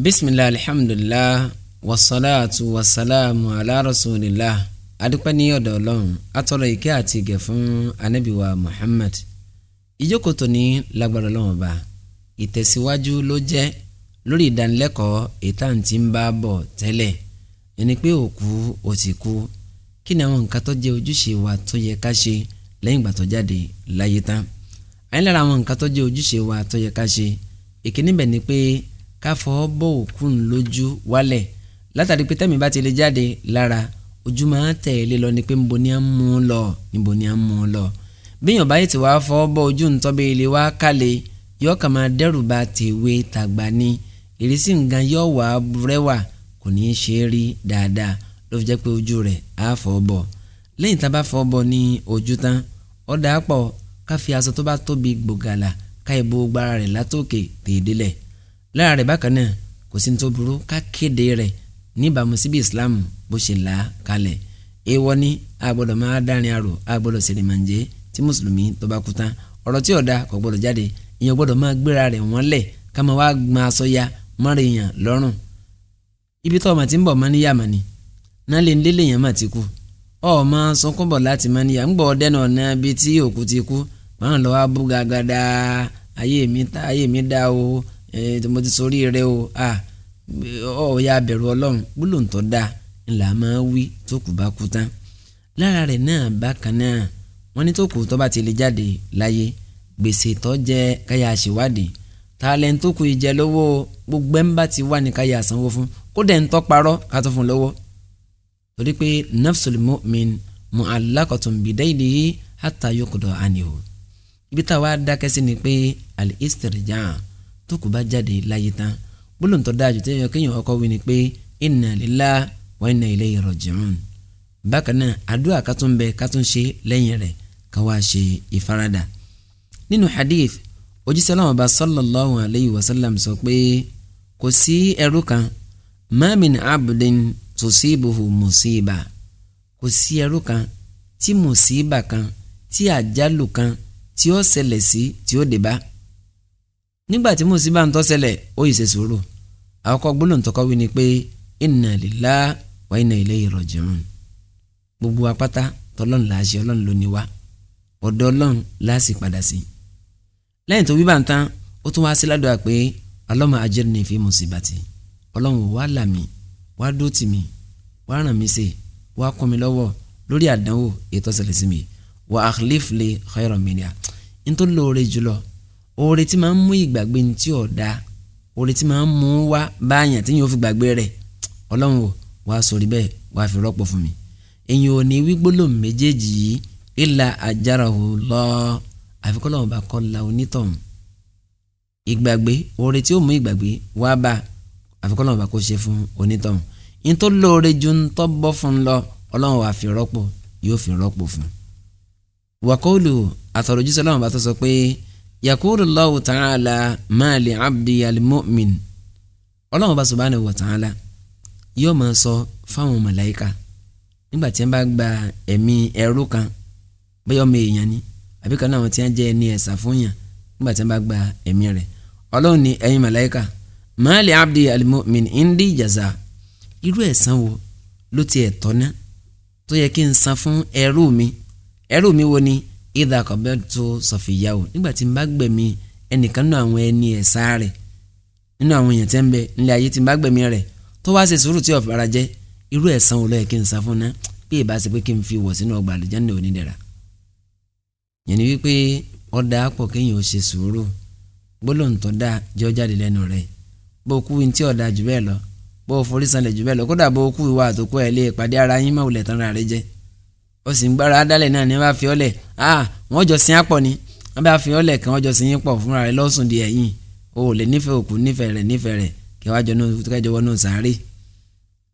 bisimilahi alihamdulilah wasalaatu wasalaamu ala rasulillah adúpẹ́ ní ọ̀dọ̀ Ọlọ́run atọrọ ìkẹ́ àti ìgẹ̀ fún anabiwa Muhammad ìjókòtò ní lágbára Ọlọ́run ọba ìtẹ̀síwájú ló jẹ́ lórí ìdánilẹ́kọ̀ọ́ ìtàǹtí ń bá bọ̀ tẹ́lẹ̀ ẹni pé òkú ó ti kú kí ni àwọn nǹkan tó jẹ́ ojúṣe wa tó yẹ ká ṣe lẹ́yìn ìgbà tó jáde láyé tán àyìnlára àwọn nǹkan tó jẹ́ ojúṣe wa tó yẹ ká ṣe ìkíní bẹ̀ ni pé káfọ́ bò òkú ńlójú wálẹ̀ látàrí pé tẹ́mi bá ti lè jáde lára ojú máa tẹ̀lé lọ ni pé níbo ni à ń mú un lọ níbo ni à ń mú un lọ bíyàn báyìí ti wàá fọ́ bọ́ ojú ń tọ́bẹ̀ ilé wá kálẹ̀ yóò kàn máa dẹ́rù ba tèwe tàgbà ni ìrísí nǹkan yóò wà á kò ní í ṣe é rí dáadáa ló fi jẹ́ pé ojú rẹ̀ á fọ́ bọ̀ lẹ́yìn tá a bá fọ́ bọ̀ ní ojú tán ọ̀dà pọ̀ ká fi aṣọ tó bá tóbi gbògàlà ká ìbò gbára rẹ̀ látòkè tèèdélẹ̀ lára rẹ̀ bákan náà kò sí ní tó burú ká kéde rẹ̀ níbàámu síbi Islam bó ṣe là á kalẹ̀ èèwọ̀ ni a gbọ́dọ̀ máa dárin arò a gbọ́dọ̀ sèrèmàǹjẹ́ tí mùsùlùmí tó bá kú tán ọ̀rọ̀ tí ọ̀dà kò gbọ́dọ̀ jáde èèyàn gbọ́dọ̀ máa gbéra rẹ̀ wọ́n lẹ̀ ká máa wá máa sọ ya mọ́rin èèyàn lọ́rùn ibi tó ọmọ tí ń bọ̀ máa níyà mà ni náà lè ń lélè èèyàn mà ti kú ọmọ sunkún bọ̀ láti máa níyà ń gbọ́ dẹ́nà ọ̀nà bí tí òkú ti kú máa lọ́wọ́ abúgagada ayé mi dá o ẹ eh, mo ti sori rẹ o a ọ ya bẹ̀rù ọlọ́run gbólóhùn tó dáa ńlá máa wí tó kù bá kú tán lára rẹ̀ náà bákan náà wọ́n ní tó kù tó bá ti lè jáde láyé gbèsè tó jẹ káyà àṣewádìí talent tó kù ìjẹ lọ́wọ́ gbogbo ẹ̀ ń bá ti wà ní káyà àsanwó fún kódà ń tọ́parọ́ ká tó fún lọ́wọ́ torí pé nafsul mu'min mu'allaqatun bidaylihi hatta yuqda anhu ibi táwa dákẹ́ sí ni pé al-istirja' tó kù bá jáde láyé tán gbólóhùn tó dájú téèyàn kéèyàn ọkọ wí ni pé inna lillahi wa inna ilayhi raji'un bákan náà àdúrà kátó ń bẹ kátó ń ṣe lẹ́yìn rẹ̀ ká wá ṣe ìfaradà nínú hadith òjíṣẹ́ láwọn ọba sallallahu alayhi wa sallam sọ pé kò sí ẹrú kan ma min abdin musiba kò sí ẹrú kan tí musiba kan tí àjálù kan tí ó ṣẹlẹ̀ sí tí ó dé nígbà tí mo sì bá ń tọ́ ṣẹlẹ̀ ó yìí ṣe sùúrù àkọ́kọ́ gbólóhùn tó kọ́ ni pé inna lillahi wa inna ilayhi raji'un gbogbo apáta tọ́lọ́n là á ṣe ọlọ́run ló ní wá ọ̀dọ̀ ọlọ́run là á sì padà sí. lẹ́yìn tó wí bá ń tán ó tún wá sí ládùúgbà pé Allahumma ajirni fi musibati ọlọ́run wà là mí wà dó tì mí wà ràn mí sè wà kún mi lọ́wọ́ lórí àdánwò ètò ṣẹlẹ̀ sí mi wà akhlif li khayran minha nítorí lóore jùlọ oore tí máa ń mú ìgbàgbé ní tí ọ̀dà oore tí máa ń mú wá báyàn tí yóò fi gbàgbé rẹ̀ ọlọ́run wò wá sórí bẹ́ẹ̀ wá fi rọ́pò fún mi èyàn ò ní wí méjèèjì yìí ìlà àjàràhù lọ àfikọ́lọ́hùn bá kọ́ la onítọ̀hún ìgbàgbé oore tí ó mú ìgbàgbé wá bá àfikọ́lọ́hùn bá kó ṣe fún onítọ̀hún yín tó lóore ju ń tọ́ bọ́ fún lọ ọlọ́run wá fi rọ́pò yóò fi rọ́pò fún. wàkọ́ọ̀lù àtọ̀rọ̀jísọ́ ọlọ́run bá tó sọ pé يقول الله تعالى maali abdi المؤمن الله ọlọ́run bá subhanahu wa ta'ala yóò máa sọ fáwọn màláíkà nígbà tí wọ́n bá gba ẹ̀mí ẹrú kan bóyá ọmọ èèyàn ni àbí kan náà wọ́n ti ń jẹ́ ẹni ẹ̀sà fún yàn nígbà tí wọ́n bá gba ẹ̀mí rẹ̀ ọlọ́run ni ẹ̀yin màláíkà maali abdi al-mu'min indi irú ẹ̀san wo ló ti ẹ̀ tọ́ tó yẹ kí n san fún ẹrú mi ẹrú mi wo ni ìdá kọ̀bẹ́ tó sọ̀fìyàwó nígbà tí n bá gbẹ̀mí ẹnìkan nínú àwọn ẹni ẹ̀sà rẹ̀ nínú àwọn èèyàn tẹ́ ń bẹ nílẹ̀ ayé tí n bá gbẹ̀mí rẹ̀ tó wá ṣe sùúrù tí ò fara jẹ́ irú ẹ̀san wo ló yẹ kí n sá fún ná bí ìbá ṣe pé kí n fi wọ̀ sínú ọgbà àlùjánnà onídẹ̀ra yẹn ni wípé ọ̀dà pọ̀ kéèyàn ó ṣe sùúrù gbólóhùn tó jẹ́ ó lẹ́nu rẹ̀ bó kú ní tí ọ̀dà jù bẹ́ẹ̀ lọ bó forí sanlẹ̀ jù bẹ́ẹ̀ lọ kódà bó kú ìwà àtòkù ẹ̀ lé ìpàdé ara yín máa wulẹ̀ tán ra rẹ̀ jẹ́ ó sì ń gbára dálẹ̀ náà ní bá fi ọ́lẹ̀ ah wọ́n jọ sin apọ̀ ni wọ́n bá fi ọ́lẹ̀ kan wọ́n jọ sin yín pọ̀ fúnra rẹ̀ lọ́sùn di ẹ̀yìn o ò lè nífẹ̀ẹ́ òkú nífẹ̀ẹ́ rẹ̀ nífẹ̀ẹ́ rẹ̀ kí wàá jọ wọnú sàárè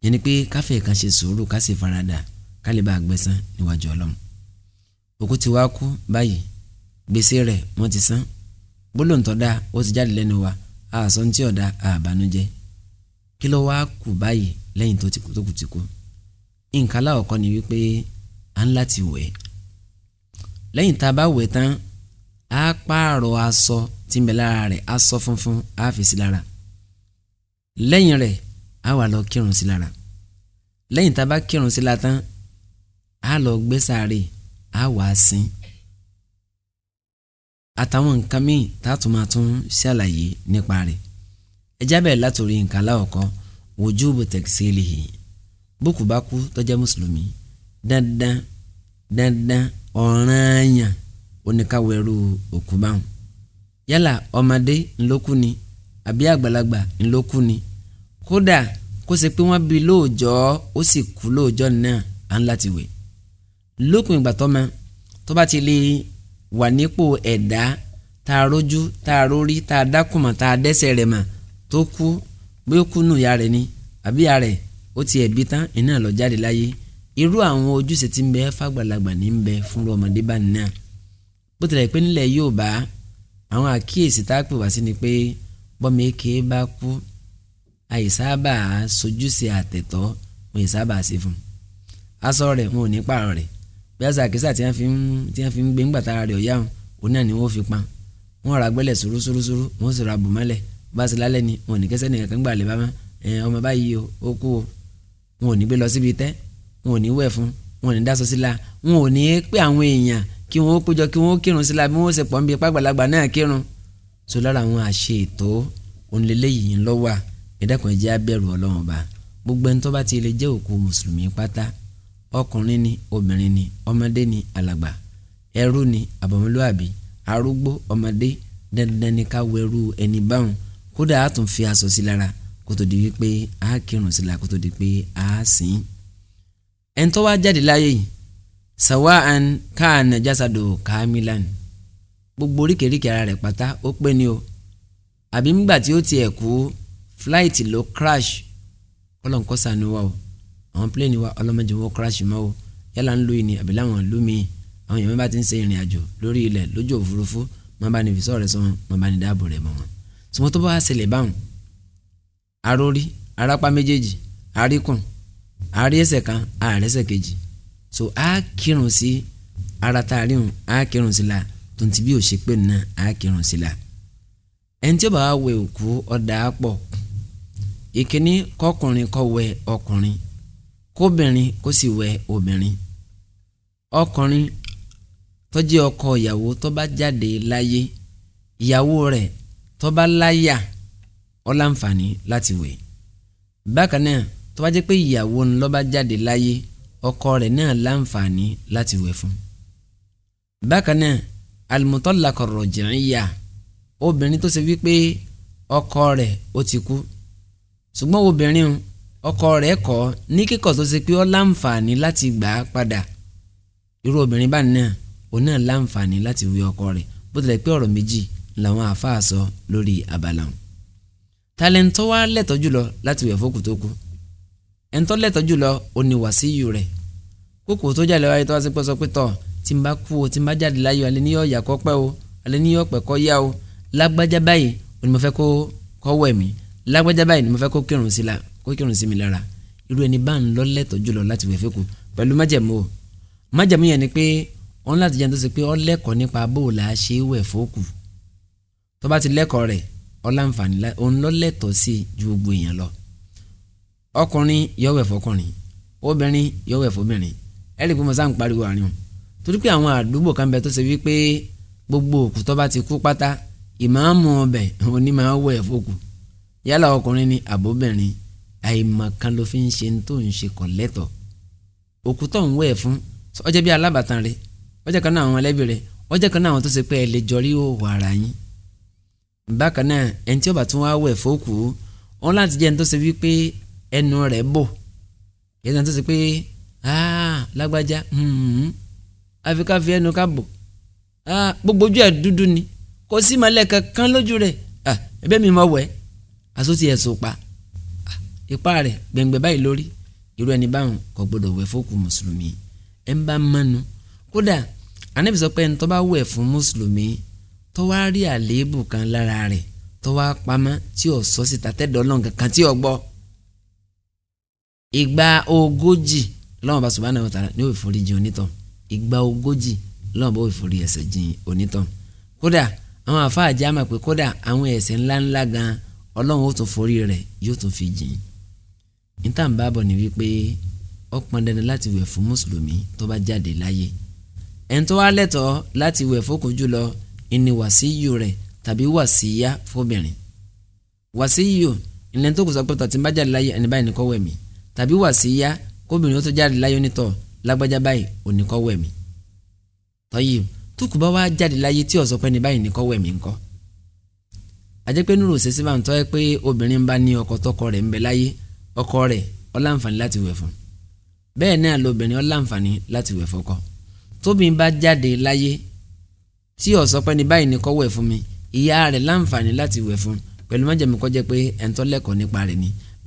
yẹn ni pé káfíẹ̀ kan ṣe sùúrù ká sì farada ká lè bá a gbẹ̀san níwájú ọlọ́run òkú ti wá kú báyìí gbèsè rẹ̀ wọ́n ti san gbólóǹtọ́ wa àásọ ntí ọ̀dà àbánújẹ́ kí ló wá ni wípé à ń láti wẹ̀ lẹ́yìn tá a bá wẹ̀ tán á pààrọ̀ aṣọ tí ń bẹ lára rẹ̀ aṣọ funfun á fi sí lára lẹ́yìn rẹ̀ á wà lọ kírun sí lára lẹ́yìn tá a bá kírun sí lára tán á lọ gbé sáré á wà á sin àtàwọn nǹkan míì tá a tún máa tún ṣàlàyé nípa rẹ̀ ẹ jábẹ̀ látòrí nǹkan aláwọ̀kọ́ wujubu taksilihi bókù bá kú tó mùsùlùmí dandan dandan ọ̀ranyàn oníkàwé ẹrú yálà ọmọdé ńlókù ni àbí àgbàlagbà ńlókù ni kódà kó ṣe pé wọ́n bí lóòjọ́ ó sì kú lóòjọ́ náà à ń láti wẹ̀ lókun ìgbà tọ́mọ tó bá ti lè wà nípò ẹ̀dá tá a rójú tá a rórí tá dẹ́sẹ̀ rẹ̀ mà tó kú bí ó kú nù ya rẹ̀ ni àbí ya rẹ̀ ó ti ẹ̀bí tán iná lọ jáde láyé irú àwọn ojúṣe tí ń bẹ fàgbàlagbà ní ń bẹ fún ọmọdé bá nínú bó tilẹ̀ pé nílẹ̀ Yorùbá àwọn àkíyèsí tá a pè wá sí ni pé bọ́mi èké bá kú àìsábà sojúṣe àtẹ̀tọ́ wọn ìsábà ṣe fún un aṣọ rẹ̀ wọn ò ní pààrọ̀ rẹ̀ bí aṣọ àkísà tí wọ́n fi ń gbé ńgbà tára rẹ̀ ọ̀yá wọn òun náà ni wọ́n fi pa wọ́n ra gbẹ́lẹ̀ sùrúsùrúsùrú wọ́n sì ra bùmọ́lẹ̀ bá a ṣe lálẹ́ ni wọn ò ní kẹ́sẹ́ nìkan gbà lè bá wọn ọmọ báyìí o ó kú o wọn ò ní gbé lọ síbi tẹ́ wọn ò ní wẹ̀ fún wọn ò ní dáṣọ síla wọn ò ní pé àwọn èèyàn kí wọn ó péjọ kí wọn ó kírun síla bí wọn ó ṣe pọ̀ níbi pàgbàlagbà náà kírun so lára àwọn àṣe ètò onílẹ̀lẹ́yìn lọ́wà ẹ̀dàkùn ẹ̀jẹ̀ abẹ́rù ọlọ́run ọba gbogbo ẹni tó bá ti lè jẹ́ òkú mùsùlùmí pátá ọkùnrin ni obìnrin ni ọmọdé ni alàgbà ẹrú ni àbọ̀mọlúàbí arúgbó ọmọdé dandan ni ká wẹrú ẹni báwọn kódà á tún fi aṣọ sí lára kó tó di wípé á kírun sí la kó tó di pé á sìn ín ẹni tó wá jáde láyé yìí sawa'an kana jasadu kamilan gbogbo oríkèéríkè ara rẹ̀ pátá ó pé ni o àbí ńgbà tí ó tiẹ̀ kú flight ló crash ọlọ́nkọ́ sànú wa o àwọn plane wa ọlọ́mọdé wọn crash mọ́ o yálà ń lo ìní àbí láwọn ìlú mi àwọn èèyàn bá ti ń ṣe ìrìn àjò lórí ilẹ̀ lójú òfurufú má bá ní fisọ́ rẹ̀ sọ wọn bá ní dáàbò rẹ̀ mọ́ wọn. sọmọ tó bá ṣẹlẹ̀ báwọn arórí arápá méjèèjì aríkùn àárí ẹsẹ̀ kan àárí ẹsẹ̀ kejì so a kírun sí ara tá a rí hun a kírun sí la tonti bí o ṣe pé nà a kírun sí la ẹni tí ó bá wẹ òkú ọ̀dà pọ̀ ìkíní kọkùnrin kó wẹ ọkùnrin kóbìnrin kó sì wẹ obìnrin ọkùnrin tó jẹ́ ọkọ ìyàwó tó bá jáde láyé ìyàwó rẹ̀ tó bá láyà ó láti wẹ̀ bákan náà tó bá jẹ́ pé ìyàwó ń lọ́ba jáde láyé ọkọ rẹ̀ náà láǹfààní láti wẹ̀ fún. bákan náà al-mutallaqa ar-raj'iyya obìnrin tó ṣe wípé ọkọ rẹ̀ ó ti kú ṣùgbọ́n obìnrin ọkọ rẹ̀ kọ̀ ní kíkọ̀ tó ṣe pé ó láǹfààní láti gbà á padà irú obìnrin báyìí náà òun náà láǹfààní láti wí ọkọ rẹ̀ bó tilẹ̀ pé ọ̀rọ̀ méjì làwọn àáfàá sọ lórí abala wọn. talẹ̀ntọ́ wa jùlọ láti wẹ̀ fókù kú ẹ̀ńtọ́ lẹ́tọ́ jùlọ òní wàsíyù rẹ̀ kókò tó jáde wáyé tó wá sí pé sọ pé tọ̀ tí n bá kú o tí n bá jáde láyọ̀ alẹ́ ní ọ̀yà kọ́ pẹ́ o alẹ́ ní ọ̀pẹ́ kọ́ yá o lágbájá báyìí òní mo fẹ́ kó kọ́ wẹ̀ mí lágbájá báyìí ni mo fẹ́ kó kírun sí la kó kírun sí mi lára irú ẹni bá ń lọ lẹ́tọ̀ jùlọ láti wẹ̀ fẹ́kù pẹ̀lú májẹ̀mú o májẹ̀mú yẹn ni pé òun láti jẹun tó ṣe pé ó nípa bó o ṣe wẹ̀ fókù tó bá ti lẹ́kọ̀ọ́ rẹ̀ ó òun lọ lẹ́tọ̀ sí ju gbogbo èèyàn lọ ọkùnrin yọ wẹ̀ fọkùnrin obìnrin yọ wẹ̀ fọbìnrin ẹ lè pé mo sáà ń pariwo àárín o torí pé àwọn àdúgbò kan bẹ tó ṣe wípé gbogbo òkú tó bá ti kú pátá ìmáàmù ọbẹ̀ òní máa wẹ̀ fókù yálà ọkùnrin ni àbóbìnrin àìmọ̀kan ló fi ń ṣe tó ń ṣe kọ̀ lẹ́tọ̀ òkú tó ń wẹ̀ fún ọjọ́ bíi alábàtàn rẹ ọjọ́ kan náà àwọn ẹlẹ́bí rẹ ọjọ́ kan náà àwọn tó ṣe pé ẹ lè jọrí òwò ara yín bákan náà ẹni tí ó tún wá wẹ̀ fókù wọn láti jẹ́ ẹni tó ṣe wípé ẹnu rẹ̀ bò yẹn náà tó ṣe pé ah, lágbájá hmm, àfikáfi ẹnu ká ah, gbogbo ojú ẹ̀ dúdú ni kò sí ìmọ̀lẹ̀ kankan lójú rẹ̀ ah, ẹbẹ́ mi mọ̀ wẹ̀ àsótì ẹ̀sùn pa ipá rẹ̀ gbẹ̀ngbẹ̀ báyìí lórí irú ẹni báwọn kò gbọdọ̀ wẹ̀ fókù mùsùlùmí ẹ̀ ń bá mọ́nu kódà ànábì sọ pé ẹni tó bá wẹ̀ fún mùsùlùmí tó wá rí àléébù kan lára rẹ̀ tó wá pamọ́ tí ò sọ síta tẹ́dọ̀ ọlọ́run kankan tí ò gbọ́ Igba ogójì lọ́wọ́n bá subhanahu wa ta'ala ní òwe forí jìn onítọ̀ ìgbà ogójì lọ́wọ́n bá òwe forí ẹ̀ṣẹ̀ jìn onítọ̀ kódà àwọn àfáàjẹ́ àmà pé kódà àwọn ẹ̀ṣẹ̀ ńláńlá gan ọlọ́run ó tún forí rẹ̀ yóò tún fi jìn níta ń ni wípé ó pọn dandan láti wẹ̀ fún mùsùlùmí tó bá jáde láyé ẹni tó wá lẹ́tọ̀ọ́ láti wẹ̀ fókun jùlọ ìní wàsíyù rẹ̀ tàbí wàsíyá fóbìnrin wàsíyù ìlẹ́ni tó kù sọ pé tọ̀tí bá jáde láyé ẹni báyìí ni kó wẹ̀ mí tàbí wàsíyà kóbìnrin ó tó jáde láyé onítọ̀ lágbájá báyìí òní kọ́ wẹ̀mí tọ́yì túkù bá wá jáde láyé tí ọ̀sọ́ pẹ́ni báyìí ní kọ́ wẹ̀mí ńkọ́ àjẹpẹ́ nírò sẹ́sẹ́ bá ń tọ́ ẹ pé obìnrin bá ní ọkọ tọkọ rẹ̀ ń bẹ láyé ọkọ rẹ̀ ó láǹfààní láti wẹ̀ fún bẹ́ẹ̀ náà lobìnrin ó láti wẹ̀ fọkọ tóbìnrin bá jáde láyé tí ọ̀sọ́ pẹ́ni báyìí ní wẹ̀ fún mi ìyá rẹ̀ láǹfààní láti wẹ̀ fún pẹ̀lú májèmí kó jẹ́ pé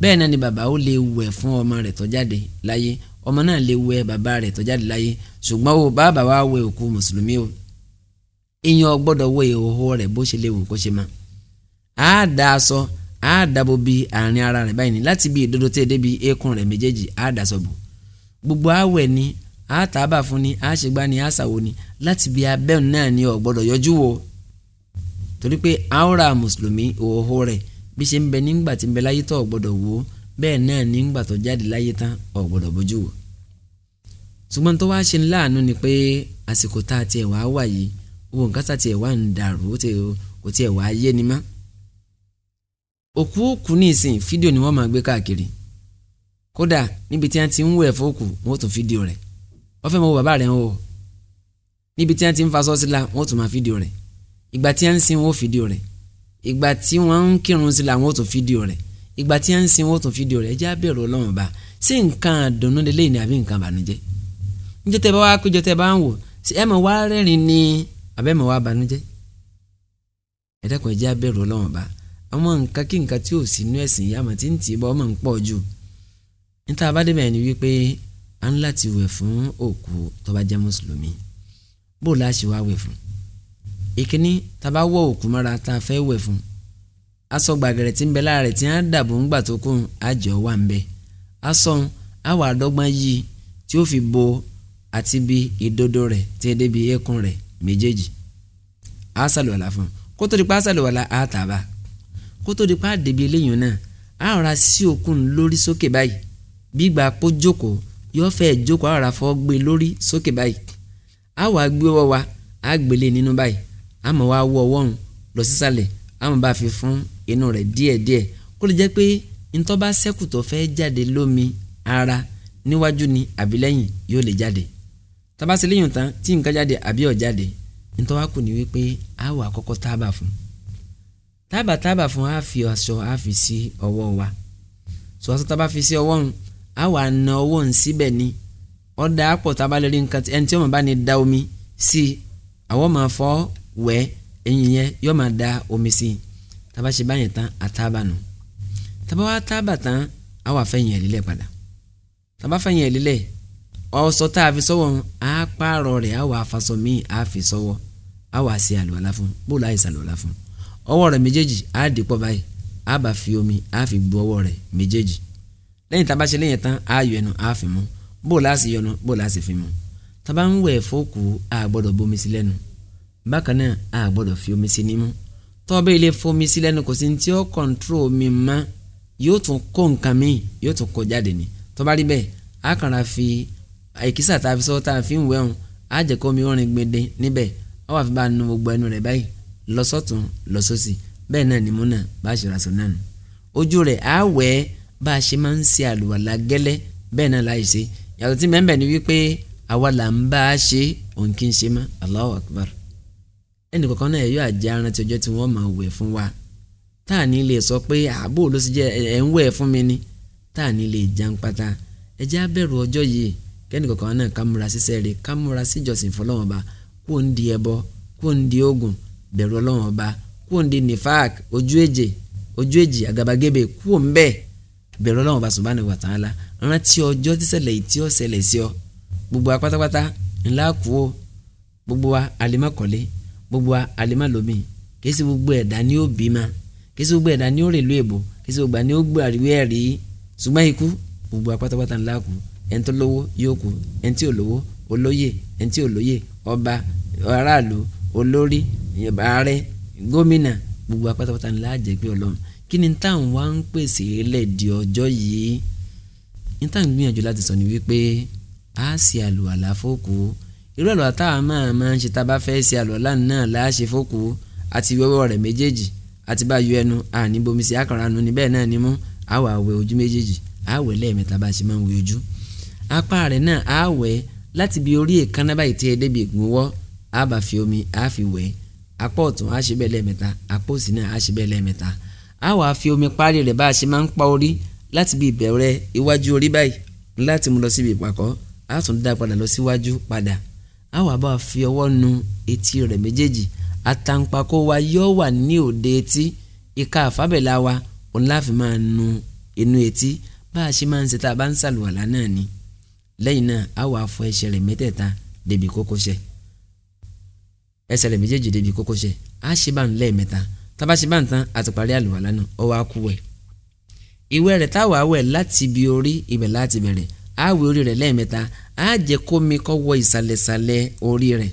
bẹ́ẹ̀ náà ni bàbá ó lè wẹ̀ fún ọmọ rẹ̀ tó jáde láyé ọmọ náà lè wẹ̀ bàbá rẹ̀ tó jáde láyé ṣùgbọ́n o bàbá wa wẹ̀ òkú mùsùlùmí o èèyàn gbọ́dọ̀ wẹ̀ ìhòhò rẹ̀ bó ṣe lè wù kó ṣe ma á da aṣọ á dabo bi àárín ara rẹ̀ báyìí láti bi ìdodo tí èdè bi eékún rẹ̀ méjèèjì á daṣọ bò gbogbo àwẹ̀ ni á tàbà fún ni á ṣègbà ni á ṣàwò ni láti bi abẹ́hùn náà ni ò gbọ́dọ̀ yọjú wò torí pé àwòrán mùsùlùmí ìhòhò rẹ̀ bí ṣe ń bẹ nígbà tí ń bẹ láyé tó ọ̀gbọ́dọ̀ wò ó bẹ́ẹ̀ náà nígbà tó jáde láyé tán ọ̀gbọ́dọ̀ bójú wò. ṣùgbọ́n tó wá ṣe ń láàánú ni pé àsìkò tá a tiẹ̀ wá wà yìí owó nǹkan tá a tiẹ̀ wá ń dàrú kò tiẹ̀ wá yé ni má. òkú òkú ní ìsìn fídíò ni wọ́n máa gbé káàkiri kódà níbi tí wọ́n ti ń wẹ̀ fóòkù wọ́n tún fídíò rẹ̀ wọ́n fẹ́ mọ wo bàbá rẹ̀ ń wò níbi tí wọ́n ti ń fasọ́ sí la wọ́n tún máa fídíò rẹ̀ ìgbà tí wọ́n ń sin wọ́n fídíò rẹ̀ ìgbà tí wọ́n ń kírun sí làwọn ò tún fídíò rẹ̀ ìgbà tí wọ́n ń sin wọ́n ò tún fídíò rẹ̀ ẹjẹ́ abẹ́rù ọlọ́run bá ṣé nǹkan àdùnnú lélẹ́yìn ni àbí nǹkan àbànújẹ́ níjẹ́ tẹ́ bá wá péjọ tẹ́ bá ń wò ṣé ẹ mọ̀ wá rẹ́rìn ni àbẹ́ mọ̀ wá bànújẹ́ ẹ dákun ẹjẹ́ abẹ́rù ọlọ́run bá àwọn nǹkan kí nǹkan tí ò sí inú ẹ̀sìn yá àmọ́ tí ń tì í bọ́ ọmọ ń ìkíní tàbá wọ òkú mọ́ra tá a fẹ́ wẹ̀ fún aṣọ gbàgẹ̀rẹ̀ tí ń bẹ láàrẹ̀ tí á dàbò ńgbà tó kù àjọ wà ń bẹ aṣọ àwọn àdọ́gbọ́n yìí tí ó fi bo àti bi ìdodo rẹ̀ tí ẹ débi eékún rẹ̀ méjèèjì àṣàlùwàlà fún kó tó di pa àṣàlùwàlà àtàbà kó tó di pa àdèbí eléyìí náà àrà sí òkun lórí sókè báyìí gbígbà pọ̀ jókòó yóò fẹ́ jókòó àrà fọ́ gbé lórí sókè báyìí àwa gbé wa àgbélé nínú báyìí àmọ́ wá wọ ọwọ́ ọ̀hún lọ sísàlẹ̀ àmọ́ bá fi fún inú rẹ̀ díẹ̀díẹ̀ kó lè jẹ́ pé ntọ́ bá sẹ́kù tó fẹ́ jáde lómi ara níwájú ni àbí lẹ́yìn yóò lè jáde tábà sí lẹ́yìn tán tí nǹkan jáde àbí ó jáde ntọ́ wá kù ní wípé a wà kọ́kọ́ tábà fún tábà tábà fún a fi aṣọ a fi sí ọwọ́ wa sọ aṣọ tábà fi sí ọwọ́ ọ̀hún a wà na ọwọ́ ọ̀hún síbẹ̀ ni ọ̀dà àpọ̀ tábà lórí nǹkan ẹni tí ó bá ní da omi sí àwọn máa fọ́ wẹ̀ ẹyin yẹn yóò máa da omi sí i tába ṣe báyẹn tán àtàbà nù tába wá tábà tán á wà fẹ̀yìn ẹ̀ lílẹ̀ padà tába fẹ̀yìn ẹ̀ lílẹ̀ ọsọ tá a fi sọ́wọ́ á pààrọ̀ rẹ̀ á wà afasọ míì á fi sọ́wọ́ á wà sí àlùwàlá fún bóòlù àìsàn àlùwàlá fún ọwọ́ rẹ̀ méjèèjì á dìpọ̀ báyìí á bá fi omi á fi gbọ́ ọwọ́ rẹ̀ méjèèjì lẹ́yìn tába ṣe lẹ́yìn tán á yọ ẹnu á fi mú bóòlù á sì yọnu bóòlù á fi mú tába ń wẹ̀ fóòkù á gbọ́dọ̀ bómi sí lẹ́nu bákan náà a gbọ́dọ̀ fi omi sí nímú tọ́ọ̀bẹ́ ilé fomi sí lẹ́nu kò sí ní tí ó kọ̀ǹtró omi mọ́ yóò tún kó nǹkan míì yóò tún kó jáde ní tó rí bẹ́ẹ̀ a kàrà fi àìkísà tá a fi sọ́ tá a fi ń wẹ̀hùn á jẹ́ kó omi orin gbede níbẹ̀ á wà fi bá a nu gbogbo ẹnu rẹ̀ báyìí lọ́sọ̀tún lọ́sọ̀sì bẹ́ẹ̀ náà ni mú náà bá a ṣe náà nù ojú rẹ̀ á wẹ̀ bá a ṣe máa ń ṣe àlùwàlà gẹ́lẹ́ bẹ́ẹ̀ náà láì ṣe yàtọ̀ tí mẹ́ńbẹ̀ ni wípé àwa là ń bá a ṣe òun kì í ṣe mọ́ Allahu Akbar ẹnì kọ̀ọ̀kan náà yóò àjẹ́ arántí ọjọ́ tí wọ́n máa wẹ̀ fún wa tá à ní lè sọ pé ààbò ló sì jẹ́ ẹ̀ ń wẹ̀ fún mi ni tá lè jẹun pátá ẹ jẹ́ ọjọ́ yìí kẹ́nì kọ̀ọ̀kan náà ká múra síṣẹ́ rẹ̀ ká múra síjọsìn fọlọ́wọ́n ba kó ń di ẹbọ kó ń di oògùn bẹ̀rù ọlọ́wọ́n ba kó ń di nifak ojú èjì ojú èjì àgàbàgebè kó ń bẹ̀ bẹ̀rù ọlọ́wọ́n ba subhanahu wa ta'ala rántí ọjọ́ tíṣẹ̀lẹ̀ tí ó ṣẹlẹ̀ sí ọ gbogbo wa pátápátá ńlá kú ó gbogbo gbogbo àlèmá lomi kìí ṣe gbogbo ẹ̀dá ni ó bímọ kìí ṣe gbogbo ẹ̀dá ni ó rè lú èbò kìí ṣe gbogbo ẹ̀dá ni ó gbé àríwé ẹ̀rí ṣùgbọ́n ikú gbogbo apátápátá ńlá kù ẹni tó lówó yóò kù ẹni tí ò lówó ọba aráàlú olórí ààrẹ gómìnà gbogbo apátápátá ńlá jẹgbẹ́ ọlọ́run kí ni táwọn wá ń pèsè lẹ̀ di ọjọ́ yìí ní táwọn gbìyànjú láti sọ ni wípé a ṣe àlùwàlà fókù irú àlọ́ táwa máa máa ń ṣe tá a bá fẹ́ ṣe àlọ́lá náà láàṣẹ fókù àti wẹ́wọ́ rẹ̀ méjèèjì àti bá yọ ẹnu àní bomi sí àkàrà nu níbẹ̀ náà ni mú àwọ̀ àwẹ̀ ojú méjèèjì àwẹ̀ lẹ́ẹ̀mẹ́ta bá ṣe máa ń wẹ ojú apá rẹ̀ náà àwẹ̀ láti bi orí èékánná báyìí tí ẹ débi ìgbìnwọ́ á bá fi omi á fi wẹ̀ apá ọ̀tún á ṣe bẹ́ẹ̀ lẹ́ẹ̀mẹ́ta apá á wà bá fi ọwọ́ nu etí rẹ̀ méjèèjì àtàǹpàkò wa yóò wà ní òde etí ìka àfábẹ̀là wa òun máa nu inú etí bá a ṣe máa ń ṣe tá a bá ń ṣàlùwàlá náà ni lẹ́yìn náà á wà fọ ẹsẹ̀ rẹ̀ mẹ́tẹ̀ẹ̀ta débi kókósẹ̀ ẹsẹ̀ rẹ̀ méjèèjì débi kókósẹ̀ á ṣe bá ń lẹ́ẹ̀mẹ́ta tá a ṣe bá ń tán àti parí àlùwàlá náà ó wá kú wẹ̀ ìwẹ̀ rẹ̀ táwa wẹ̀ láti ibi orí ibẹ̀ láti bẹ̀rẹ̀ á orí rẹ̀ lẹ́ẹ̀mẹ́ta á jẹ́ kó mi kọ́ wọ ìsàlẹ̀sàlẹ̀ orí rẹ̀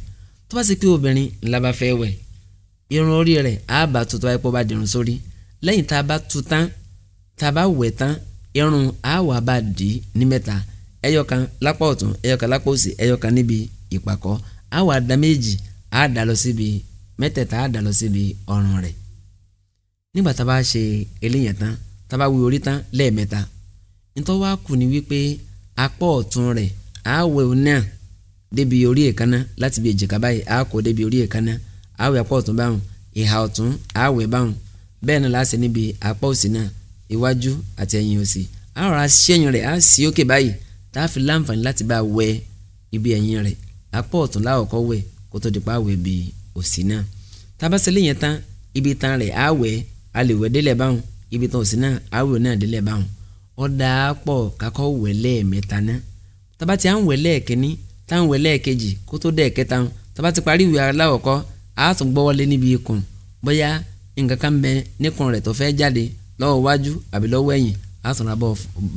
tó bá sì pé obìnrin ńlá bá fẹ́ wẹ̀ irun orí rẹ̀ á bá tuntun ayé pọ́ bá dirun sórí lẹ́yìn tá a bá tu tán tá a bá wẹ̀ tán irun á wà bá dì í ní mẹ́ta ẹyọ kan lápá ọ̀tún ẹyọ kan lápá òsì ẹyọ kan níbi ìpàkọ́ a wà dá méjì á dà lọ síbi mẹ́tẹ̀ẹ̀ta á dà lọ síbi ọrùn rẹ̀ nígbà tá a bá ṣe eléyàn tán tá a bá wí orí tán lẹ́ẹ̀mẹ́ta ntọ́ wa kù ní wípé apá ọ̀tún rẹ̀ àwẹ̀ náà débi orí èékánná láti bí èjìká báyìí àkó débi orí èékánná àwẹ̀ apá ọ̀tún báwọn ìhà ọ̀tún àwẹ̀ báwọn bẹ́ẹ̀ náà láṣẹ níbi apá òsì náà iwájú àti ẹ̀yìn òsì àrò àṣeyìn rẹ̀ á òkè báyìí tá a fi láǹfààní láti bá wẹ ibi ẹ̀yìn rẹ̀ apá ọ̀tún láwọ̀kọ́ wẹ̀ kó tó di pa àwẹ̀ bí òsì náà tábàṣẹ́lẹ̀ yẹn tán ibi tán rẹ̀ á wẹ̀ a lè wẹ̀ délẹ̀ ibi tán òsì náà á wẹ̀ náà délẹ̀ báwọn ọ̀dà pọ̀ kakọ́ wẹ̀ lẹ́ẹ̀mẹ́ta náà tọ́ba ti à ń wẹ̀ lẹ́ẹ̀kẹ́ni tá à ń wẹ̀ lẹ́ẹ̀kejì kó tó dẹ̀ kẹta ń tọ́ba ti parí ìwé aláwọ̀kọ́ á tún gbọ́wọ́lé níbi ikùn bóyá nǹkan kan bẹ níkùn rẹ̀ tó fẹ́ jáde lọ́wọ́ wájú àbí lọ́wọ́ ẹ̀yìn á tún ra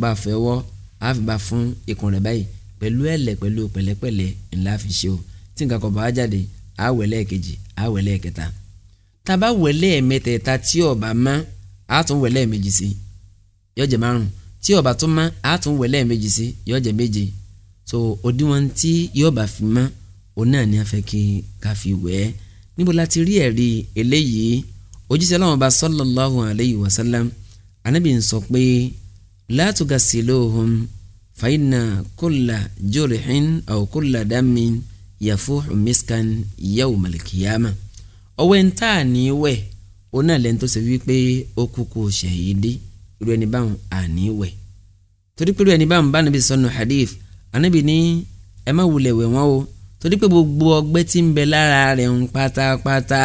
bá fẹ́ wọ́ á fi bá fún ikùn rẹ̀ báyìí pẹ̀lú ẹ̀lẹ̀ pẹ̀lú pẹ̀lẹ́pẹ̀lẹ́ ńlá fi ṣe o tí nǹkan kan bá jáde á wẹ̀ lẹ́ẹ̀kejì so òdiwọ̀n tí yóò bá fi mọ́ òun náà ni a fẹ́ kí ká fi wẹ̀ ẹ́ níbo la ti rí ẹ̀rí eléyìí òjíṣẹ́ láwọn ọba sallallahu alayhi wa sallam anábì ń sọ pé la tughsiluhum fa inna kulla jurhin aw kulla dammin yafuhu miskan yawm al-qiyama ọwọ́ ń tà ní òun náà lẹ́nu tó ṣe wípé ó kúkú ṣẹ̀yìn dé irú ẹni báwọn àní torí pé irú ẹni báwọn bá níbi sọnù hadith ànábì ní ẹ má wulẹ̀ wẹ̀ wọ́n o torí pé gbogbo ọgbẹ́ tí ń bẹ lára rẹ̀ ń pátápátá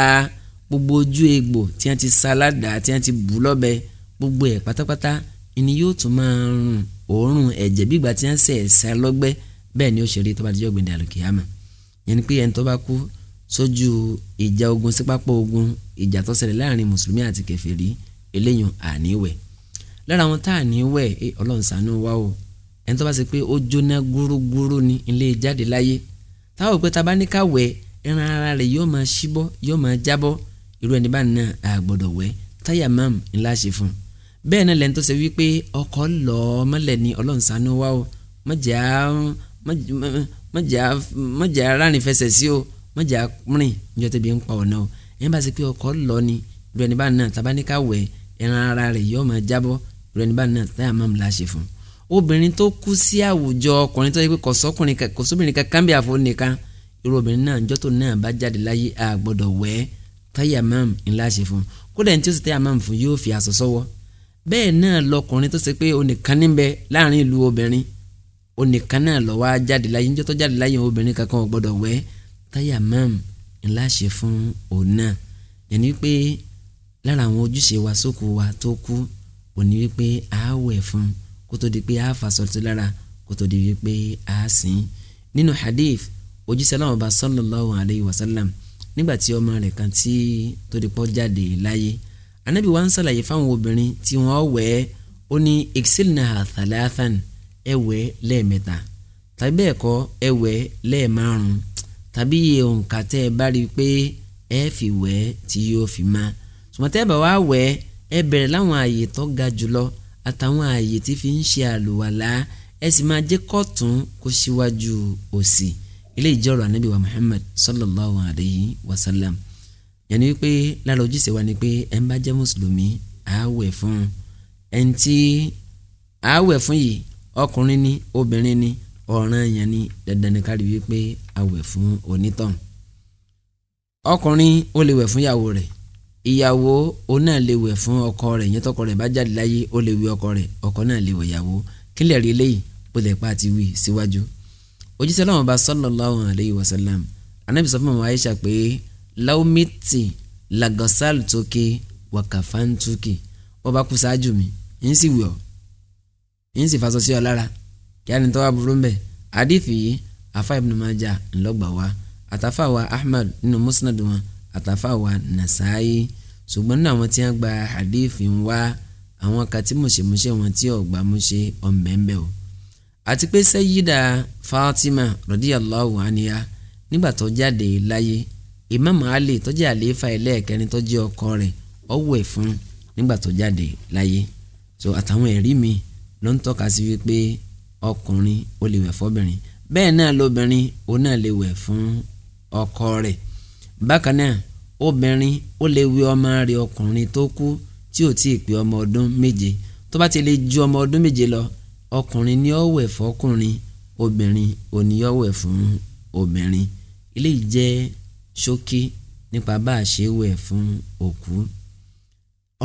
gbogbo ojú egbò tí wọ́n ti saládà tí wọ́n ti bù lọ́bẹ gbogbo ẹ̀ pátápátá ìní yóò tún máa rùn òórùn ẹ̀jẹ̀ bígbà tí wọ́n sẹ̀ sá lọ́gbẹ́ bẹ́ẹ̀ ni ó ṣe rí tó bá dijọ́ gbẹ̀dẹ̀ àlùkìyàmà yẹn ni pé ẹni tó bá kú sójú ìjà ogun sí ogun ìjà tó ṣẹlẹ̀ láàrin mùsùlùmí àti kèfèrí eléyìí àníwẹ̀ lára àwọn tá àníwẹ̀ eh, ọlọ́run ṣàánú wa o ẹni tó bá ṣe pé ó jóná gúrúgúrú ni ilé jáde láyé táwọn òpè tá a bá ní ká wẹ̀ ẹran ara rẹ̀ yóò máa ṣíbọ́ yóò máa jábọ́ irú ẹni bá náà àgbọ̀dọ̀ wẹ̀ táyà mam ńlá ṣe fún un bẹ́ẹ̀ náà lẹ́ni tó ṣe wípé ọkọ̀ lọ mọ́lẹ̀ ni ọlọ́run ṣàánú wá o mọ̀jà mọ̀jà mọ̀jà rárìn fẹsẹ̀ sí o mọ̀jà rìn níjọ́ tẹ́bi ń pa ọ̀nà o ẹ̀yìn bá ṣe pé ọkọ̀ lọ ni irú ẹni bá náà tabaníkà wẹ̀ ẹran ara rẹ̀ yóò máa jábọ́ irú ẹni bá náà táyà mam ńlá ṣe fún un obìnrin tó kú sí àwùjọ ọkùnrin tó yẹ pé kọ̀sọ́kùnrin kò sóbìnrin kankan bí àfọ nìkan irú obìnrin náà njọ́ tó náà bá jáde láyé a gbọ́dọ̀ wẹ̀ tayammum ńlá ṣe fún kódà ẹni tí ó sì tayammum fún yóò fi aṣọ sọ́wọ́ bẹ́ẹ̀ náà lọkùnrin tó ṣe pé onìkan níbẹ̀ láàrin ìlú obìnrin onìkan náà lọ wá jáde láyé njọ́ tó jáde láyé obìnrin kankan ò gbọ́dọ̀ wẹ̀ tayammum ńlá ṣe fún òun náà yẹn ni pé lára àwọn ojúṣe wa sóko wa tó kú òní wípé àáwẹ̀ fún un kó tó di pé a fà sọ̀tún lára kó tó di pé a sìn nínú hadith òjíṣẹ́ náà sallallahu alayhi wa sallam nígbà tí ọmọ rẹ̀ kan tí tó di pọ́ jáde láyé anabi wa ń sàlàyé fáwọn obìnrin tí wọ́n wẹ̀ ẹ́ ó ní exilnaha thalathan ẹ wẹ̀ lẹ́ẹ̀mẹ́ta tàbí bẹ́ẹ̀ kọ́ ẹ wẹ̀ lẹ́ẹ̀márùn tàbí iye òǹkà tẹ́ ẹ bá rí i pé ẹ fi wẹ̀ tí yóò fi má sùmọ́tẹ́ bá wá wẹ̀ ẹ bẹ̀rẹ̀ láwọn ààyè tó ga jùlọ àtàwọn ààyè tí fi ń ṣe àlùwàlá ẹ sì máa jẹ́ kọ́tún kó síwájú òsì ilé ìjọrọ anabi wa Muhammad sallallahu alayhi wa sallam yẹn ni wípé lára ojúṣe wa ni pé ẹ ń bá jẹ́ mùsùlùmí àáwẹ̀ fún ẹni tí àáwẹ̀ fún yìí ọkùnrin ni obìnrin ni ọ̀ràn yẹn ni dandan ni kárí wípé àwẹ̀ fún onítàn ọkùnrin ó lè wẹ̀ fún ìyàwó rẹ̀ ìyàwó òun náà lè wẹ̀ fún ọkọ rẹ̀ yẹn tọkọ rẹ̀ bá jáde láyé ó lè wẹ̀ ọkọ rẹ̀ ọkọ náà lè wẹ̀ ìyàwó kílẹ̀ rí léyìí ó lè pa àti wí síwájú. òjíṣẹ́ láwọn bá sallallahu alayhi wa sallam anábì sọ fún màmá Aisha pé laumiti lagosal tókè wakafan tókè wọ́n bá kú sáájú mi ń sì wẹ̀ ọ́ ń sì fasọ sí ọ lára kí á ní tọ́wá burú mbẹ́ àdìfì yìí afa Ibn Majah ńlọgbà wa àtàfà wa Ahmad nínú musnad àtàfàwà nàṣàáyé ṣùgbọ́n náà àwọn tí wọ́n gba hadith ń wá àwọn kan tí mọ̀ṣẹ̀mọ̀ṣẹ̀ wọn tí ọ̀gbà mọ̀ṣẹ̀ ọ̀mẹ́mbẹ́ o. àti pé sẹ́yídà Fatima radiyallahu anha nígbà tó jáde láyé Imam Ali tó jẹ́ àlééfà ẹlẹ́ẹ̀kẹrin tó jẹ́ ọkọ rẹ̀ ọwọ́ ẹ̀ fún nígbà tó jáde láyé so àtàwọn ẹ̀rí mi ló ń tọ́ka sí wípé ọkùnrin ó lè wẹ̀ fọ́bìnrin bẹ́ẹ̀ náà lóbìnrin òun náà lè wẹ̀ fún ọkọ rẹ̀ bákan náà obìnrin ó lè wẹ ọmọ rẹ̀ ọkùnrin tó kú tí ò tí ì pé ọmọ ọdún méje tó bá ti lè ju ọmọ ọdún méje lọ ọkùnrin ni ó wẹ̀ fọkùnrin obìnrin ò ní ó fún obìnrin eléyìí jẹ́ ṣókí nípa bá a ṣe wẹ̀ fún òkú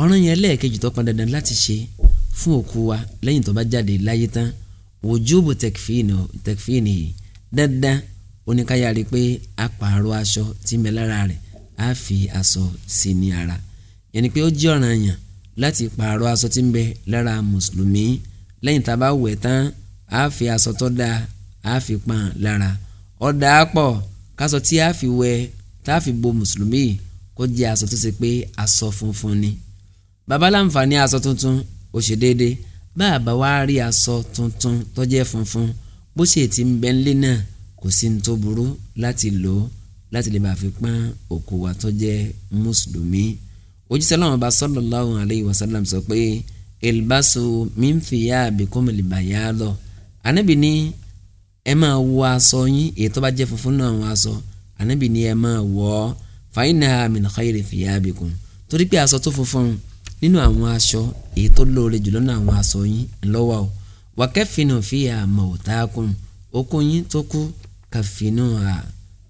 ọ̀ràn yẹn lẹ́ẹ̀kejì tó pọn dandan láti ṣe fún òkú wa lẹ́yìn tó bá jáde láyé tán wòjúbù tẹkfíìnì dandan oníkáyà rí i pé a pààrọ̀ aṣọ tí ń rẹ̀ á fi aṣọ sí ní ara yẹnni pé ó jẹ́ ọ̀ranyàn láti pààrọ̀ aṣọ tí ń bẹ lára mùsùlùmí lẹ́yìn tá a bá wẹ̀ tán á fi aṣọ tó dáa á fi pọ́n lára ọ̀dà pọ̀ káṣọ tí a fi wẹ̀ tá a fi bo mùsùlùmí kó jẹ́ aṣọ tó ṣe pé aṣọ funfun ni bàbá láǹfààní aṣọ tuntun ó ṣe déédé bá a rí aṣọ tuntun tó jẹ́ funfun bó ṣe ti ń bẹ náà kò sí ní tó burú láti lò ó láti lè máa fi pọ́n òkú wa tó jẹ́ mùsùlùmí òjíṣẹ́ náà bá sallallahu alayhi wa sallam sọ pé ilbasu min thiyabikumul bayada ànábì ní ẹ máa wọ aṣọ yín èyí tó bá jẹ́ funfun náà wọ aṣọ ànábì ní ẹ máa wọ ọ́ fa innaha min khayri thiyabikum torí pé aṣọ tó funfun nínú àwọn aṣọ èyí tó lóore jùlọ nínú àwọn aṣọ yín ńlọ́wọ́ o wà kẹ́fìnà fìyà mọ̀ọ́tàkùn okùn yín tó kú kàfìnà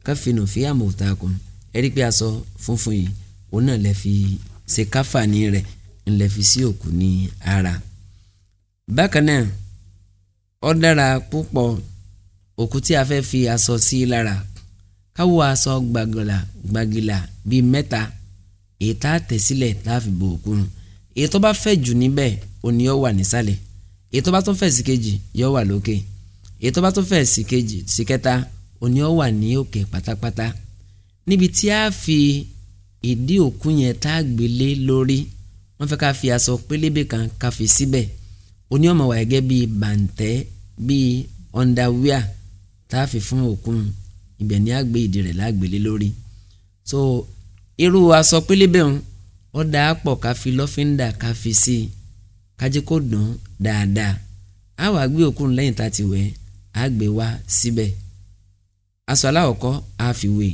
káfínù fíyà mọ̀tàkùn ẹ̀rí pé aṣọ funfun yìí òun náà lè fi ṣe káfàní rẹ̀ ńlẹ̀ fi sí òkú ní ara. bákan náà ó dára púpọ̀ òkú tí a fẹ́ fi aṣọ sí lára káwọ aṣọ gbàgìlà gbàgìlà bíi mẹ́ta èyí tá a tẹ̀ sílẹ̀ tá a fi bo òkú run èyí tó bá fẹ̀ jù níbẹ̀ òní yóò wà nísàlẹ̀ èyí tó bá tó fẹ̀ sí kejì yóò wà lókè èyí tó bá tó fẹ̀ sí kejì sí kẹta òní ọ wà ní òkè pátápátá níbi tí a fi ìdí òkú yẹn tá a gbélé lórí wọ́n fẹ́ ká fi aṣọ pélébé kan ká fi síbẹ̀ òní ọmọ wà gẹ́gẹ́ bíi bàǹtẹ́ bíi ọ̀ndàwíà tá a fi fún òkú ibẹ̀ ní àgbé ìdí rẹ̀ lágbélé lórí so irú aṣọ pélébé ń ọ dàá pọ̀ ká fi lọ́fíńdà ká fi sí i kájí kó dùn dáadáa a wá gbé òkú lẹ́yìn tá a ti wẹ̀ á gbé wá síbẹ̀ si aṣọ aláwọ̀kọ́ àfiwé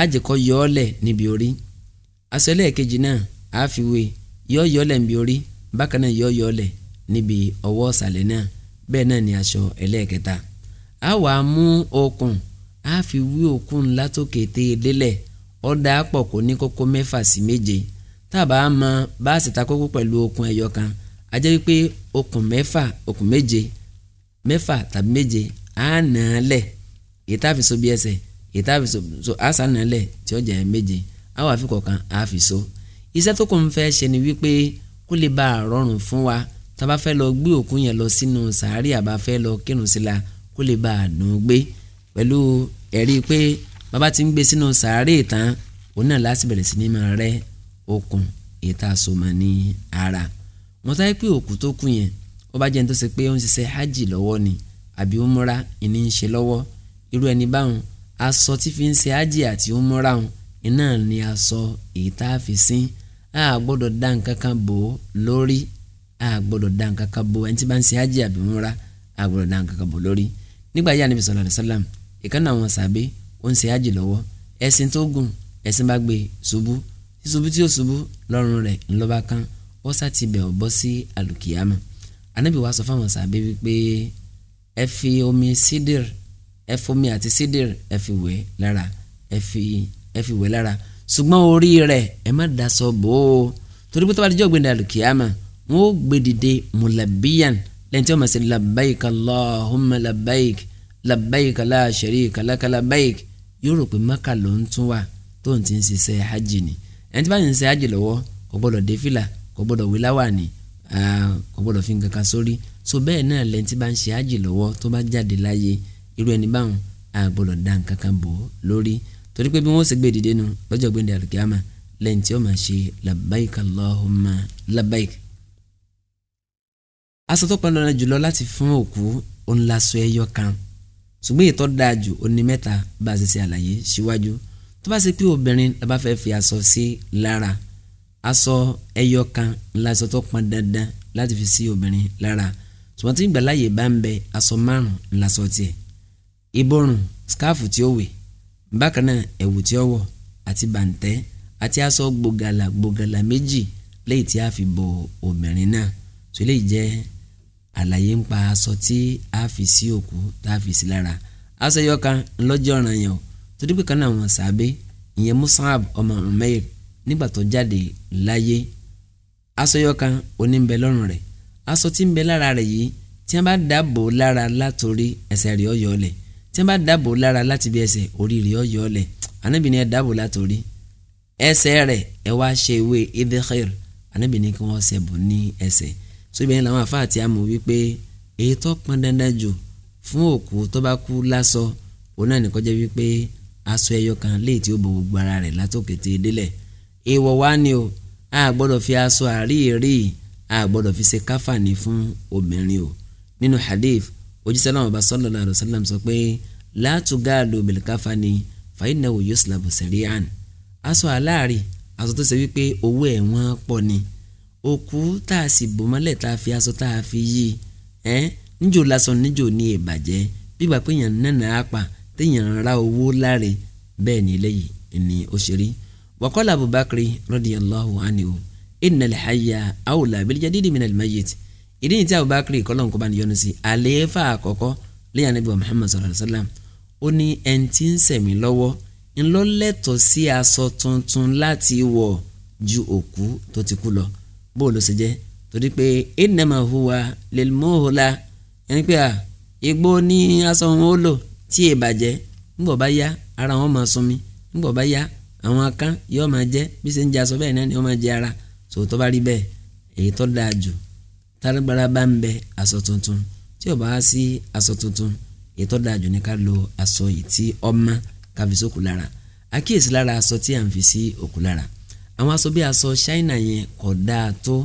àjẹkọ́ yọọ́lẹ̀ níbi orí aṣọ ẹlẹ́ẹ̀kejì náà àfiwé yọ́ọ́yọ́lẹ̀ níbi orí bákan náà yọ́ọ́yọ́lẹ̀ níbi ọwọ́ ọ̀sàlẹ̀ náà bẹ́ẹ̀ náà ni aṣọ ẹlẹ́ẹ̀kẹta a wà á mú okùn a fi wí okùn látòkè tè délẹ̀ ọ̀dà pọ̀ kò ní kókó mẹ́fà sí méje tábà á mọ bá a sì ta kókó pẹ̀lú okùn ẹyọ kan a jẹ́ wípé okùn mẹ́fà okùn méje mẹ́fà tàbí méje á nà lẹ̀ èyí tá a fi so bí ẹsẹ̀ èyí tá a fi so so àṣà nílẹ̀ tí ó jẹ́ méje àwọn àfikọ̀ kan á fi so iṣẹ́ tó kún fẹ́ ṣe ni wípé kó lè bá a rọrùn fún wa tá a bá fẹ́ lọ gbé òkú yẹn lọ sínú sàárì àbá fẹ́ lọ kírun sí la kó lè bá a gbé pẹ̀lú ẹ̀rí pé bàbá ti ń gbé sínú sàárì tán òun náà láti bẹ̀rẹ̀ sí ní máa rẹ́ okùn èyí tá ní ara wọ́n táyé pé òkú tó kù yẹn ó bá jẹ́ ní tó ṣe pé ó ń ṣiṣẹ́ hajj lọ́wọ́ ni àbí ó múra ìní ń ṣe lọ́wọ́ irú ẹni báwọn aṣọ tí fi ń ṣe ájì àti òmùra wọn iná ni aṣọ èyí tá a fi sín a gbọ́dọ̀ dá nǹkan kan bò ó lórí a gbọ́dọ̀ dá nǹkan kan bò ẹni tí bá ń ṣe ájì àbí òmùra a gbọ́dọ̀ dá nǹkan kan bò lórí nígbà yíyá níbi sallallahu alaihi ìkànnì àwọn sàbẹ ó ń ṣe ájì lọ́wọ́ ẹṣin tó gùn ẹṣin bá gbé ṣubú ṣubú tí ó ṣubú lọ́rùn rẹ̀ ńlọ́ba kan ó sá bẹ̀ ọ́ bọ́ sí àlùkìyàmà anábì sọ fáwọn sàbẹ wípé ẹ fi omi sídìrì ẹ fomi àti sídìrì ẹ fi wẹ̀ lára ẹ fi ẹ fi wẹ̀ lára ṣùgbọ́n orí rẹ̀ ẹ má daṣọ bò ó torí pé tọ́ba díjọ́ gbẹ̀dẹ̀ àlùkìyàmà wọ́n ó gbé dìde lẹ́yìn tí wọ́n máa ṣe labbaik allahumma labbaik labbaik la sharika laka labbaik yóò rò pé maka ló ń tún wà tó ń ti ń ṣiṣẹ́ hajj ni ẹni tí bá ń ṣe hajj lọ́wọ́ kò gbọ́dọ̀ dé fìlà kò gbọ́dọ̀ wé láwàní kò gbọ́dọ̀ fi nǹkan kan sórí so bẹ́ẹ̀ náà lẹ́yìn tí bá ń ṣe hajj lọ́wọ́ tó bá jáde láyé irú ẹni báwọn àgbọ̀lọ̀ dá nǹkan kan bò ó lórí torí pé bí wọ́n sì gbé dìde nu lọ́jọ́ gbẹ̀ndẹ̀ àlùkìyàmà lẹ́yìn tí ó máa ṣe labbaik Allahumma labbaik. aṣọ tó pọn dandan jùlọ láti fún òkú ònlá sọ ẹyọ kan ṣùgbọ́n ètò dáa jù oní mẹ́ta bá a ṣe ṣe àlàyé síwájú tó bá ṣe pé obìnrin la bá fẹ́ fi aṣọ sí lára aṣọ ẹyọ kan ńláṣọ tó pọn dandan láti fi sí obìnrin lára ṣùgbọ́n tí ìgbàláyè bá ń bẹ aṣọ márùn-ún ńláṣọ tiẹ̀ ìborùn skáàfù tí ó wè bákan náà ẹ̀wù tí ó wọ̀ àti bàǹtẹ́ àti aṣọ gbògàlà gbògàlà méjì léyìí tí a fi bo obìnrin náà tó lè jẹ́ àlàyé ń pa aṣọ tí a fi sí òkú tá a fi sí lára aṣọ yọka ńlọ́jọ́ ọ̀ràn yẹn o torí pé kan náà sàbẹ ìyẹn Mus'ab ọmọ Umair nígbà tó jáde láyé aṣọ yọka oníbẹ lọ́rùn rẹ̀ aṣọ tí ń bẹ lára rẹ̀ yìí tí wọ́n bá dáàbò lára látòrí ẹsẹ̀ rẹ̀ ọ̀yọ́ lẹ̀ tí wọ́n bá dàbò lára láti bí ẹsẹ̀ orí rẹ̀ ọ̀yọ́ lẹ̀ anábì ni ẹ dàbò látòrí ẹsẹ̀ rẹ̀ ẹ wá ṣe ewé idikir anábì ni kí wọ́n ṣẹ̀bù ní ẹsẹ̀ so ibẹ̀ yẹn làwọn afá àti amò wípé èyí tó pọn dandan jù fún òkú tó bá kú lásọ òun náà ní jẹ́ wípé aṣọ ẹyọ kan léè tí ó bo gbogbo ara rẹ̀ látòkè tí ì délẹ̀ èèwọ̀ wá ni o a gbọ́dọ̀ fi aṣọ àríyìírí a gbọ́dọ̀ fi ṣe káfàní fún obìnrin o nínú hadith òjíṣẹ́ náà bá sallallahu alaihi wasallam sọ pé látúgàlù bìlìkáfà ni fàyínàwó yóò sílàbù sẹ̀ríàn aṣọ aláàrí aṣọ tó ṣe wípé owó ẹ̀ wọ́n pọ̀ ni òkú tá a sì bò mọ́lẹ̀ tá a fi aṣọ tá a fi yí ẹ́ níjò lásán níjò ní ìbàjẹ́ bíbà pé èèyàn nánà apà téèyàn ra owó láre bẹ́ẹ̀ ni eléyìí ni ó ṣe rí wàkọ́lá abubakar radiyallahu anhu innal hayya awla bil jadidi minal mayyit ìdí ní ti Abubakar kọ́lọ́n kó bá níyọ́nù sí àlééfà àkọ́kọ́ lẹ́yìn anábìwá Muhammad sallallahu alayhi wa sallam ó ní ẹni tí ń sẹ̀mí lọ́wọ́ ńlọ lẹ́tọ̀ sí aṣọ tuntun láti wọ̀ ju òkú tó ti kú lọ bó ló ṣe jẹ́ torí pé innama huwa lil muhla ẹni pé à igbó ní aṣọ wọn ó lò tí è bàjẹ́ ńgbọ̀ bá yá ara wọn máa sunmi ńgbọ̀ bá yá àwọn akán yóò máa jẹ́ bí ṣe ń jẹ aṣọ bẹ́ẹ̀ náà ni wọ́n máa jẹ ara sòtọ́ bá rí bẹ́ẹ̀ èyí tó dáa jù tálágbára bá ń bẹ aṣọ tuntun tí ò bá sí aṣọ tuntun ètò dájú ni ká lo aṣọ yìí tí ọmọ ká fi sókù lára àkíyèsí lára aṣọ tí à ń fi sí òkú lára àwọn aṣọ bí aṣọ ṣáínà yẹn kò dáa tó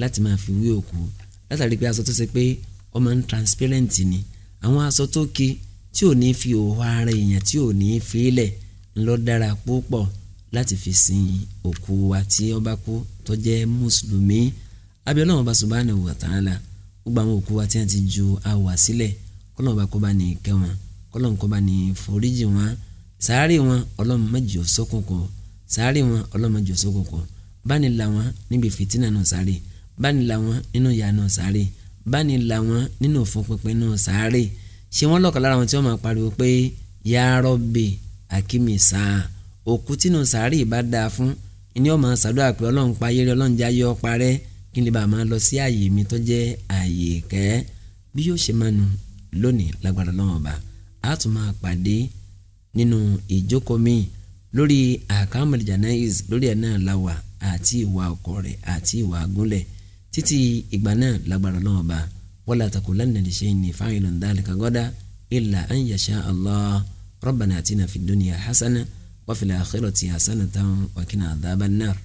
láti máa fi wí òkú látàrí pé aṣọ tó ṣe pé ó ń transparent ni àwọn aṣọ tó ki tí ò ní fi òwò ara èèyàn tí ò ní fi lẹ̀ ńlọ dára púpọ̀ láti fi sin òkú wa tí ó kú tó jẹ́ mùsùlùmí abiola ọba subhanahu wa ta'ala gbogbo àwọn òkú wa tí wọ́n ti ju awà sílẹ̀ kọ́lọ́n ọba kó bá ní kẹ́ wọn kọ́lọ́n kó bá ní foríjì wọn sàárè wọn ọlọ́run má jẹ́ òṣókùnkùn sàárè wọn ọlọ́run má jẹ́ òṣókùnkùn báni là wọn níbi fìtínà náà sáré báni là wọn nínú ìyà náà sáré báni là wọn nínú òfin pinpin náà sáré ṣé wọn lọ́kàn lára wọn tí wọ́n máa pariwo pé ya Rabbi akimi sáà òkú tínú sáré bá dáa fún ìní ọmọ sàdúrà pé ọlọ́run pa ayé rẹ ọlọ́run já yọ parẹ́ kí n lè bá a máa lọ sí ààyè mi tó jẹ́ ààyè ìkẹ́ bí yóò ṣe máa nu lónìí lágbára lọ́wọ́ ọba a tún máa pàdé nínú ìjókòó mi lórí àkàmọ̀lì janaiz lórí ẹ̀ náà láwà àti ìwà ọkọ rẹ̀ àti ìwà agúnlẹ̀ títí ìgbà náà lágbára lọ́wọ́ ọba wala taqulanna li shay'in fa'ilun dhalika ghadan illa an yasha Allah rabbana atina fid dunya hasana wa fil akhirati hasanatan wa qina adhaban nar